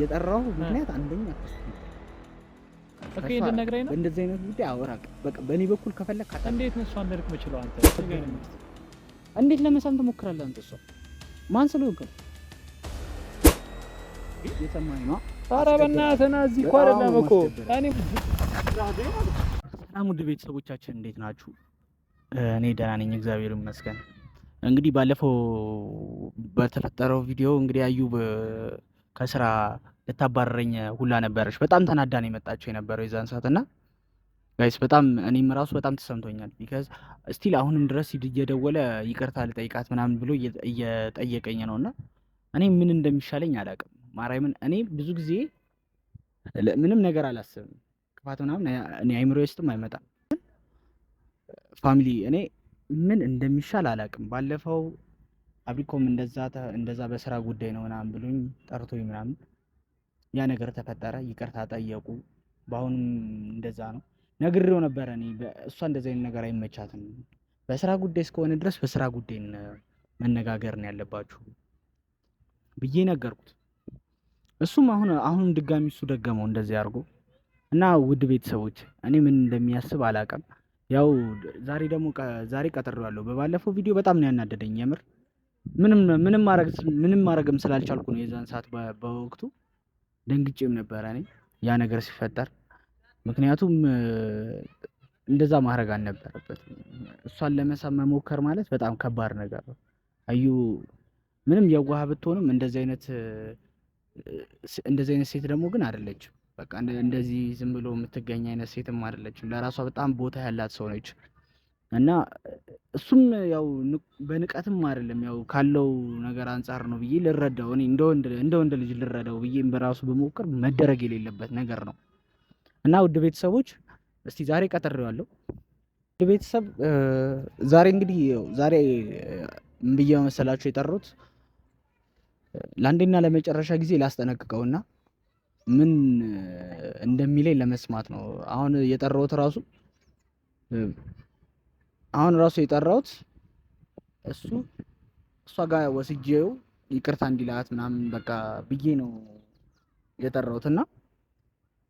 የጠራው ምክንያት አንደኛ ኦኬ፣ እንደነግረኝ ነው። እንደዚህ አይነት ጉዳይ አወራቅ በቃ በእኔ በኩል ከፈለክ ካታ እንዴት ነው እሷን ልርቅ የምችለው? አንተ እንዴት ለመሳም ትሞክራለህ? አንተ እሷ ማን ስለሆንክ የሰማኸኝ ነው። ኧረ በእናትህ ና እዚህ እኮ አይደለም እኮ እኔ። ሰላም ውድ ቤተሰቦቻችን እንዴት ናችሁ? እኔ ደህና ነኝ እግዚአብሔር ይመስገን። እንግዲህ ባለፈው በተፈጠረው ቪዲዮ እንግዲህ አዩብ ከስራ ልታባረረኝ ሁላ ነበረች። በጣም ተናዳን የመጣቸው የመጣችው የነበረው የዛን ሰዓት እና ጋይስ በጣም እኔም ራሱ በጣም ተሰምቶኛል። ቢካዝ ስቲል አሁንም ድረስ እየደወለ ይቅርታ ልጠይቃት ምናምን ብሎ እየጠየቀኝ ነው እና እኔ ምን እንደሚሻለኝ አላውቅም። ማርያምን እኔ ብዙ ጊዜ ምንም ነገር አላስብም። ክፋት ምናምን እኔ አይምሮ ውስጥም አይመጣም። ፋሚሊ እኔ ምን እንደሚሻል አላውቅም ባለፈው አብሪኮም እንደዛ እንደዛ በስራ ጉዳይ ነው ምናምን ብሎኝ ጠርቶኝ ምናምን ያ ነገር ተፈጠረ። ይቅርታ ጠየቁ። በአሁኑም እንደዛ ነው ነግሬው ነበረ እኔ እሷ እንደዚ አይነት ነገር አይመቻትም። በስራ ጉዳይ እስከሆነ ድረስ በስራ ጉዳይ መነጋገር ነው ያለባችሁ ብዬ ነገርኩት። እሱም አሁን አሁንም ድጋሚ እሱ ደገመው እንደዚህ አድርጎ እና ውድ ቤተሰቦች እኔ ምን እንደሚያስብ አላውቅም። ያው ዛሬ ደግሞ ዛሬ ቀጥሬዋለሁ። በባለፈው ቪዲዮ በጣም ነው ያናደደኝ የምር ምንም ምንም ማድረግ ምንም ማድረግም ስላልቻልኩ ነው የዛን ሰዓት በወቅቱ ደንግጬም ነበረ እኔ ያ ነገር ሲፈጠር። ምክንያቱም እንደዛ ማድረግ አልነበረበትም። እሷን ለመሳብ መሞከር ማለት በጣም ከባድ ነገር ነው። አዩ ምንም የዋህ ብትሆንም እንደዚህ አይነት እንደዚህ አይነት ሴት ደግሞ ግን አይደለችም። በቃ እንደዚህ ዝም ብሎ የምትገኝ አይነት ሴትም አይደለችም። ለራሷ በጣም ቦታ ያላት ሰው ነች። እና እሱም ያው በንቀትም አይደለም ያው ካለው ነገር አንጻር ነው ብዬ ልረዳው እኔ እንደ ወንድ ልጅ ልረዳው ብዬ በራሱ በሞከር መደረግ የሌለበት ነገር ነው እና ውድ ቤተሰቦች እስቲ ዛሬ ቀጥሬዋለሁ። ውድ ቤተሰብ ዛሬ እንግዲህ ዛሬ ብዬ መሰላቸው የጠሩት ለአንዴና ለመጨረሻ ጊዜ ላስጠነቅቀውና ምን እንደሚለኝ ለመስማት ነው። አሁን የጠራሁት ራሱ አሁን ራሱ የጠራሁት እሱ እሷ ጋር ወስጄው ይቅርታ እንዲላት ምናምን በቃ ብዬ ነው የጠራሁት። እና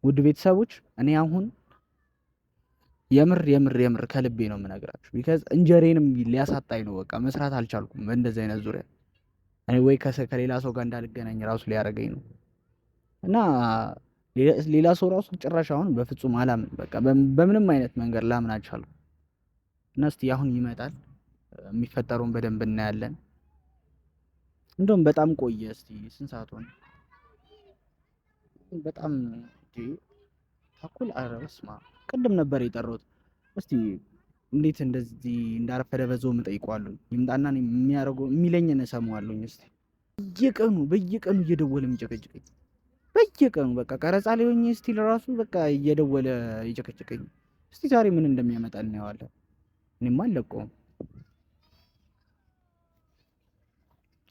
ውድ ቤተሰቦች እኔ አሁን የምር የምር የምር ከልቤ ነው የምነግራችሁ። ቢካዝ እንጀሬንም ሊያሳጣኝ ነው። በቃ መስራት አልቻልኩም። በእንደዚህ አይነት ዙሪያ እኔ ወይ ከሌላ ሰው ጋር እንዳልገናኝ ራሱ ሊያደርገኝ ነው እና ሌላ ሰው ራሱ ጭራሽ አሁን በፍጹም አላምን። በቃ በምንም አይነት መንገድ ላምን አልቻልኩም። እና እስቲ አሁን ይመጣል የሚፈጠሩን በደንብ እናያለን። እንደውም በጣም ቆየ። እስቲ ስንት ሰዓት ሆነ? በጣም ተኩል። ኧረ ቅድም ነበር የጠሩት። እስቲ እንዴት እንደዚህ እንዳረፈደ በዛው ምጠይቋሉ ይምጣና የሚያደርገው የሚለኝን እሰማዋለሁኝ። እስቲ በየቀኑ በየቀኑ እየደወለ የሚጨቀጭቀኝ በየቀኑ በቃ ቀረጻ ሊሆኝ ስቲል ራሱ በቃ እየደወለ ይጨቀጭቀኝ። እስቲ ዛሬ ምን እንደሚያመጣ እናየዋለን። እኔም አልለቀውም።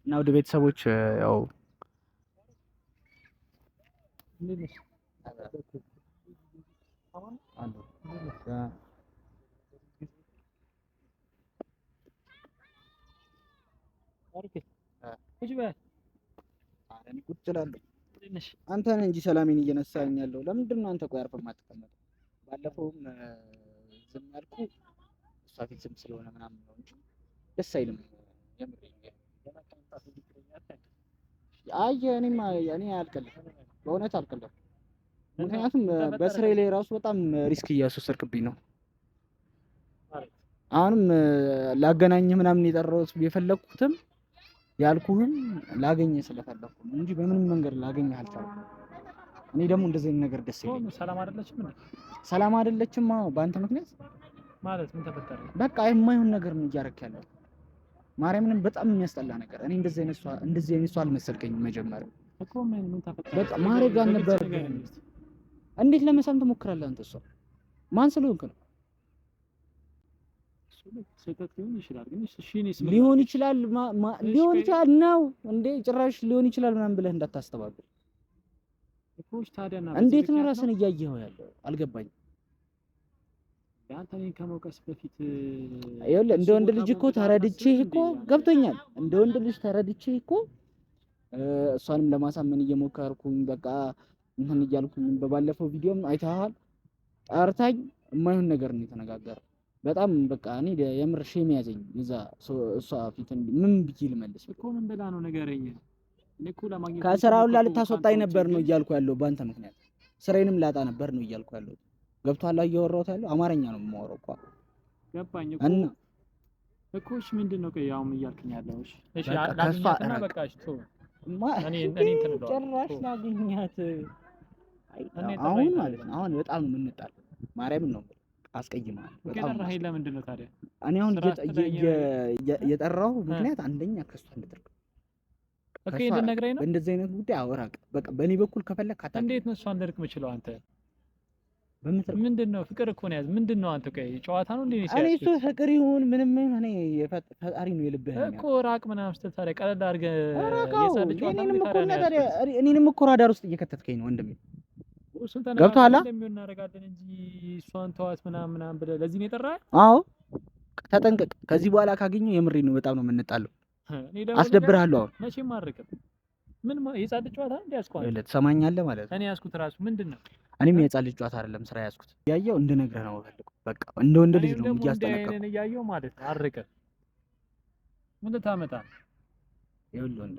እና ወደ ቤተሰቦች ያው ቁጭ እላለሁ። አንተን እንጂ ሰላሜን እየነሳኝ ያለው ለምንድን ነው? አንተ ቆይ አርፈህ የማትቀመጠው? ባለፈውም ዝም ያልኩህ ሳፊክስም ስለሆነ ምናምን ነው እንጂ ደስ አይልም። አየ እኔማ እኔ አልቀለድኩም፣ በእውነት አልቀለድኩም። ምክንያቱም በስራዬ ላይ ራሱ በጣም ሪስክ እያስወሰድክብኝ ነው። አሁንም ላገናኝህ ምናምን የጠራሁት የፈለግኩትም ያልኩህም ላገኘህ ስለፈለግኩም እንጂ በምንም መንገድ ላገኘህ አልቻልኩም። እኔ ደግሞ እንደዚህ ነገር ደስ ይለኛል። ሰላም አይደለችም፣ ሰላም አይደለችም በአንተ ምክንያት ማለት ምን ተፈጠረ? በቃ የማይሆን ነገር ነው እያደረክ ያለው። ማርያምንም በጣም የሚያስጠላ ነገር። እኔ እንደዚህ አይነት ሰው እንደዚህ አይነት ሰው አልመሰልከኝም። መጀመሪያ እኮ ምን ምን ተፈጠረ? በቃ ማርያም ጋር ነበር። እንዴት ለመሳም ትሞክራለህ አንተ? እሷ ማን ስለሆንክ ነው? ሊሆን ይችላል ሊሆን ይችላል ነው እንዴ? ጭራሽ ሊሆን ይችላል ምናምን ብለህ እንዳታስተባብል። እንዴት ነው ራስን እያየኸው ያለው? አልገባኝም። ከመውቀስ በፊት እንደ ወንድ ልጅ እኮ ተረድቼ እኮ ገብቶኛል። እንደ ወንድ ልጅ ተረድቼ እኮ እሷንም ለማሳመን እየሞከርኩኝ በቃ እንትን እያልኩኝ በባለፈው ቪዲዮም አይተሃል። ጠርታኝ የማይሆን ነገር ነው የተነጋገረው። በጣም በቃ እኔ የምር ሼም ያዘኝ። እዛ እሷ ፊት ምን ብዬ ልመልስ እኮ ምን ብላ ነው ንገረኝ። ከስራውን ላልታስወጣኝ ነበር ነው እያልኩ ያለው በአንተ ምክንያት ስራዬንም ላጣ ነበር ነው እያልኩ ያለው ገብቷል። እያወራሁት ያለው አማርኛ ነው የማወራው እኮ ገባኝ እኮ እና እኮ እሺ፣ ምንድን ነው ቆይ አሁን እያልክኝ ያለው? እሺ እሺ፣ አላገኛትና በቃ እሺ፣ ተው እማ እኔ እኔ ተነዳው ጭራሽ ላገኛት አሁን ማለት ነው። አሁን በጣም ነው የምንጣለው። ማርያምን ነው አስቀይማል። በጣም ራሄል፣ ለምንድን ነው ታዲያ እኔ አሁን የጠራው ምክንያት አንደኛ ከእሷ እንድትርቅ ኦኬ፣ እንደነግረኝ ነው እንደዚህ አይነት ጉዳይ አወራቅ። በቃ በእኔ በኩል ከፈለክ ካታ እንዴት ነው እሷ እንደርቅ የምችለው አንተ ምንድን ነው ፍቅር እኮ ነው ያዝ። ምንድን ነው አንተ ቆይ ጨዋታ ነው እንዴ? እኔ እሱ ፍቅር ይሁን ምንም ምንም እኔ ፈጣሪ ነው የልብህ እኮ ራቅ ምናምን ስትል ታዲያ ቀለል አድርገህ የሳለ ጨዋታ ነው እኔንም እኮ ራዳር ውስጥ እየከተትከኝ ነው ወንድሜ ገብቶሃል። እንደሚሆን እናደርጋለን እንጂ እሷን ተዋት ምናምን ምናምን ብለህ ለዚህ ነው አዎ ተጠንቀቅ። ከዚህ በኋላ ካገኘሁ የምሬን ነው በጣም ነው የምንጣለው። አስደብርሃለሁ አሁን መቼም አድርገህ ምን የህፃን ልጅ ጨዋታ እንደ ያዝኩ አይደል? ትሰማኛለህ ማለት ነው። እኔ ያዝኩት ራሱ ምንድን ነው? እኔም የህፃን ልጅ ጨዋታ አይደለም ስራ ያዝኩት። እያየሁ እንድነግርህ ነው የምፈልገው። በቃ እንደ ወንድ ልጅ ነው እያስጠነቀቅኩህ። እያየሁ ማለት አርቀ ምን ልታመጣህ ይኸውልህ ወንድ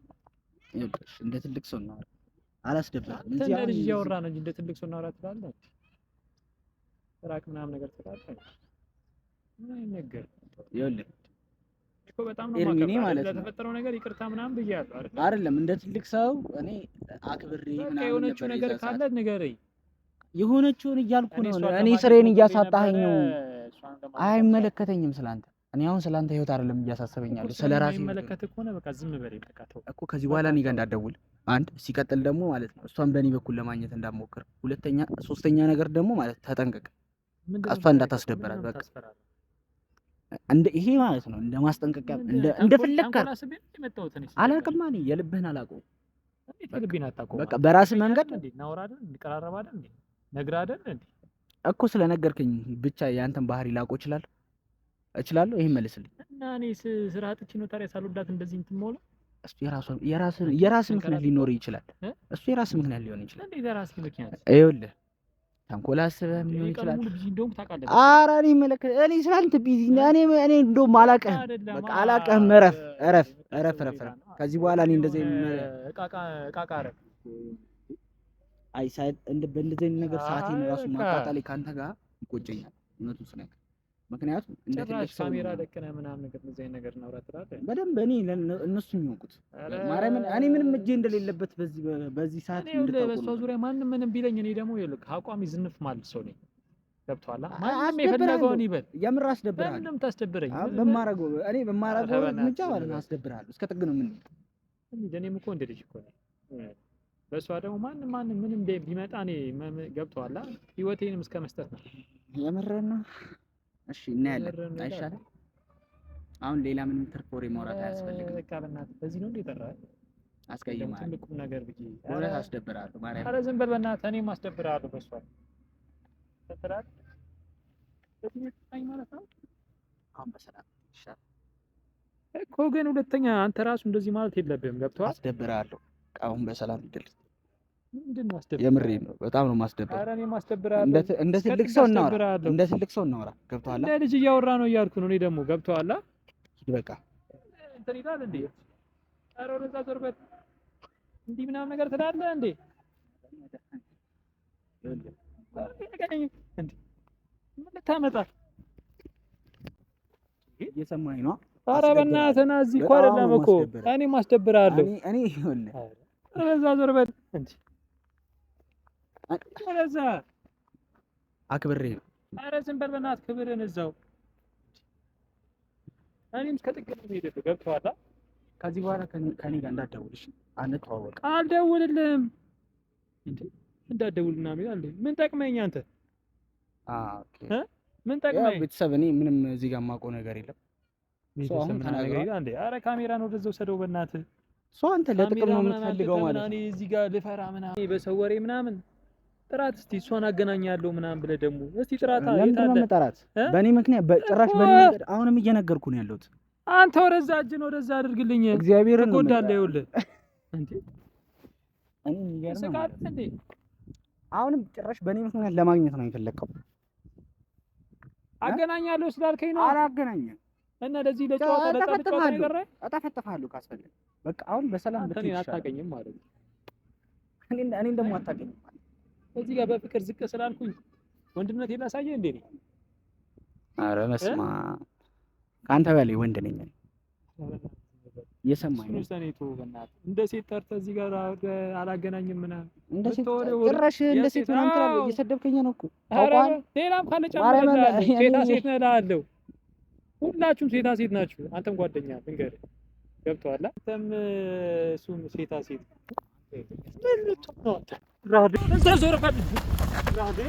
ይኸውልህ፣ እንደ ትልቅ ሰው እናውራ። አላስደብርም። እንደ ልጅ እያወራ ነው እንጂ እንደ ትልቅ ሰው እናውራ ትላለህ። ስራክ ምናምን ነገር ትላለህ። ምን አይነገር ነገር እኮ በጣም ነው ማለት ነው ለተፈጠረው ነገር ይቅርታ ምናምን ብያለሁ አይደል? አይደለም እንደ ትልቅ ሰው እኔ አክብሬ ምናምን የሆነችው ነገር ካለ ንገረኝ። የሆነችውን እያልኩ ነው። እኔ ስሬን እያሳጣኸኝ ነው። አይመለከተኝም ስላንተ። እኔ አሁን ስላንተ ህይወት አይደለም እያሳሰበኛለሁ፣ ስለራሴ ይመለከት እኮ ነው። በቃ ዝም በል በቃ እኮ ከዚህ በኋላ እኔ ጋር እንዳትደውል። አንድ ሲቀጥል ደግሞ ማለት ነው እሷን በእኔ በኩል ለማግኘት እንዳትሞክር። ሁለተኛ ሶስተኛ ነገር ደግሞ ማለት ተጠንቀቅ፣ እሷ እንዳታስደበራት በቃ እንደ ይሄ ማለት ነው እንደ ማስጠንቀቂያ እንደ እንደፈለግክ አላውቅም። እኔ የልብህን አላውቀውም። በቃ በራስህ መንገድ እኮ ስለነገርከኝ ብቻ ያንተን ባህሪ ላውቀው እችላለሁ እችላለሁ። ይሄን መልስልኝ እና እኔ ስራ አጥቼ ነው ታዲያ ሳልወዳት እንደዚህ እንትን የምሆነው እሱ የራሱ የራሱ የራሱ ምክንያት ሊኖር ይችላል። እሱ የራሱ ምክንያት ሊሆን ይችላል። እንዴ ምክንያት ይኸውልህ ተንኮል አስበህ ሊሆን ይችላል። ኧረ እኔ መለከት እኔ ስላንተ ቢዚ እኔ እኔ እንደውም አላቀህም፣ በቃ አላቀህም። እረፍ እረፍ እረፍ እረፍ። ከዚህ በኋላ እኔ እንደዚህ አይ ሳይ እንደ በእንደዚህ ነገር ሰዓቴን እራሱ ማቃጠሌ ካንተ ጋር ይቆጨኛል እውነቱን ስነግርህ ምክንያቱም ጭራሽ ካሜራ ደቅነ ምናምን ነገር እንደዚህ ነገር ነው በደንብ እኔ እነሱ የሚያውቁት ማርያምን እኔ ምንም እጄ እንደሌለበት በዚህ በዚህ ሰዓት እንድታውቁ በሷ ዙሪያ ማንም ምንም ቢለኝ እኔ ደግሞ ይልቅ አቋሚ ዝንፍ ማለት ሰው ነኝ። ገብቷላ ማንም የፈለገውን ይበል። የምር አስደብራለሁ። ምንም ታስደብረኝ በማረገው እኔ በማረገው ምንጫ ማለት አስደብራለሁ። እስከ ጥግ ነው ምን እንዴ እኔም እኮ እንደ ልጅ እኮ ነኝ። በእሷ ደግሞ ማንም ማንም ምንም ቢመጣ እኔ ገብቷላ ህይወቴንም እስከ መስጠት ነው የምርና እሺ እናያለን። አይሻልም? አሁን ሌላ ምንም ትርፍ ወሬ ማውራት አያስፈልግም። በቃ በዚህ ነው እንደ ጠራህ አስቀይማለሁ። ትልቁም ነገር ብዬ በእውነት አስደብርሃለሁ። ማርያም ኧረ ዝም በል በእናትህ። እኔም አስደብርሃለሁ። በእሷ ተጥራት ማለት ነው። አሁን በሰላም ይሻል እኮ ግን ሁለተኛ አንተ ራሱ እንደዚህ ማለት የለብህም። ገብቶሃል? አስደብርሃለሁ። አሁን በሰላም ይደርስ የምሬ ነው። በጣም ነው ማስደበር። እንደ ትልቅ ሰው እናወራ፣ እንደ ሰው ገብቶሃል? እንደ ልጅ እያወራ ነው እያልኩ ነው። እኔ ደግሞ ገብቶሃል? በቃ እንትን ይላል እንዴ? ኧረ ወደዛ ዞርበት እንዲህ ምናምን ነገር ትላለህ እንዴ? ምን ልታመጣ እየሰማኸኝ ነው? አረ በእናትህ ና እዚህ እኮ አይደለም እኮ እኔ ማስደብርሃለሁ። እኔ ይኸውልህ፣ ወደዛ ዞርበት እንዴ እዛ አክብሬ ነው። ኧረ ዝም በል በእናትህ ክብርን እዛው እኔም ከጥቅም ጥግ ሄደህ ከዚህ በኋላ ከኔ ጋር እንዳትደውልሽ፣ አንተዋወቅም። አልደውልልም እንዳትደውል ምናምን ምን ጠቅመኝ አንተ? ምን ጠቅመኝ? ቤተሰብ እኔ ምንም እዚህ ጋር የማውቀው ነገር የለም። ኧረ ካሜራን ወደዛው ሰደው በእናትህ። እሷ አንተ ለጥቅም ነው የምትፈልገው ማለት ነው። እዚህ ጋር ልፈራ ምናምን በሰው ወሬ ምናምን ጥራት እስቲ እሷን አገናኛለሁ ምናምን ብለህ ደግሞ እስቲ ጥራት መጠራት በእኔ ምክንያት በጭራሽ በእኔ መንገድ አሁንም እየነገርኩ ነው ያለሁት። አንተ ወደዛ እጅን ወደዛ አድርግልኝ እግዚአብሔር ጎዳለ ይውል አሁንም ጭራሽ በእኔ ምክንያት ለማግኘት ነው የፈለከው። አገናኛለሁ ስላልከኝ ነው አላገናኘም እና ለዚህ ለጨዋታ ለጨዋታ ነገር እጠፈጥፍሃለሁ ካስፈለገ በቃ አሁን በሰላም ልትይሻለህ። አታገኝም ማለት ነው እኔ እንደሞ አታገኝም እዚህ ጋር በፍቅር ዝቅ ስላልኩኝ ወንድነት የላሳየ እንዴ ነው? አረ መስማ ከአንተ በላይ ወንድ ነኝ የሰማኝ እንደ ሴት ጠርተህ እዚህ ጋር አላገናኝም ምናምን እንደ ሴት ጭራሽ እንደ ሴት ምናምን ትላለህ። እየሰደብከኝ ነው እኮ ታውቃለህ። ሌላም ካለ ጫማ ሴታ ሴት ነህ እልሃለሁ። ሁላችሁም ሴታ ሴት ናችሁ። አንተም ጓደኛ ልንገርህ ገብቶሃል። አንተም እሱም ሴታ ሴት Rahat değil. Ben sana zor efendim. Rahat değil